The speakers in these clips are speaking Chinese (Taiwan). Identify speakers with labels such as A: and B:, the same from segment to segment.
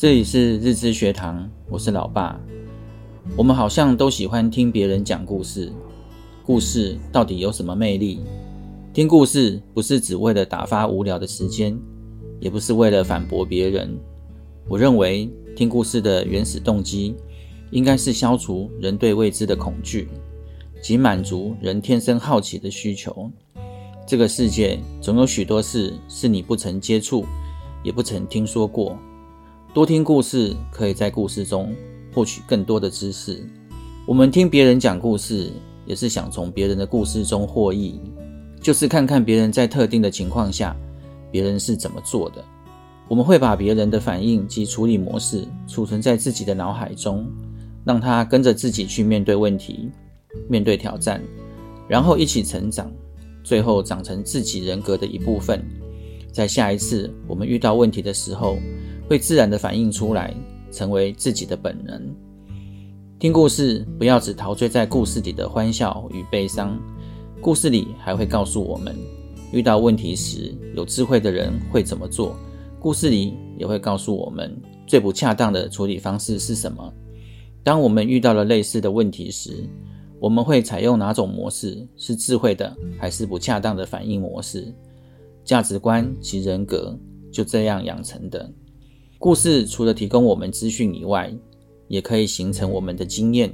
A: 這裡是日知學堂，我是老爸。我們好像都喜歡聽別人講故事，故事到底有什麼魅力？聽故事不是只為了打發無聊的時間，也不是為了反駁別人。我認為聽故事的原始動機，應該是消除人對未知的恐懼，及滿足人天生好奇的需求。這個世界總有許多事是你不曾接觸，也不曾聽說過。多聽故事，可以在故事中獲取更多的知識。我們聽別人講故事，也是想從別人的故事中獲益，就是看看別人在特定的情況下，別人是怎麼做的。我們會把別人的反應及處理模式儲存在自己的腦海中，讓他跟着自己去面對問題、面對挑戰，然後一起成長，最後長成自己人格的一部分。在下一次我們遇到問題的時候，會自然地反映出來，成為自己的本能。聽故事不要只陶醉在故事裡的歡笑與悲傷，故事裡還會告訴我們，遇到問題時有智慧的人會怎麼做。故事裡也會告訴我們最不恰當的處理方式是什麼。當我們遇到了類似的問題時，我們會採用哪種模式？是智慧的，還是不恰當的反應模式？價值觀及人格就這樣養成的。故事除了提供我們資訊以外，也可以形成我們的經驗。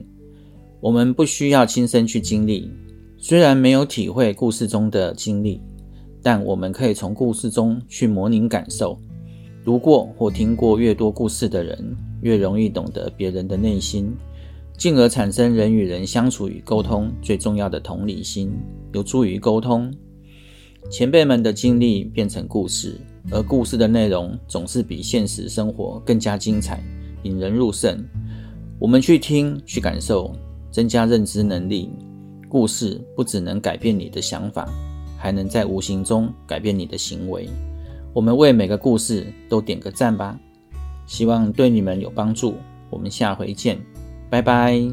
A: 我們不需要親身去經歷，雖然沒有體會故事中的經歷，但我們可以從故事中去模擬感受。讀過或聽過越多故事的人，越容易懂得別人的內心，進而產生人與人相處與溝通中最重要的同理心，有助於溝通。前輩們的經歷變成故事。而故事的內容總是比現實生活更加精彩、引人入勝。我們去聽、去感受，增加認知能力。故事不只能改變你的想法，還能在無形中改變你的行為。我們為每個故事都點個讚吧！希望對你們有幫助。我們下回見，拜拜。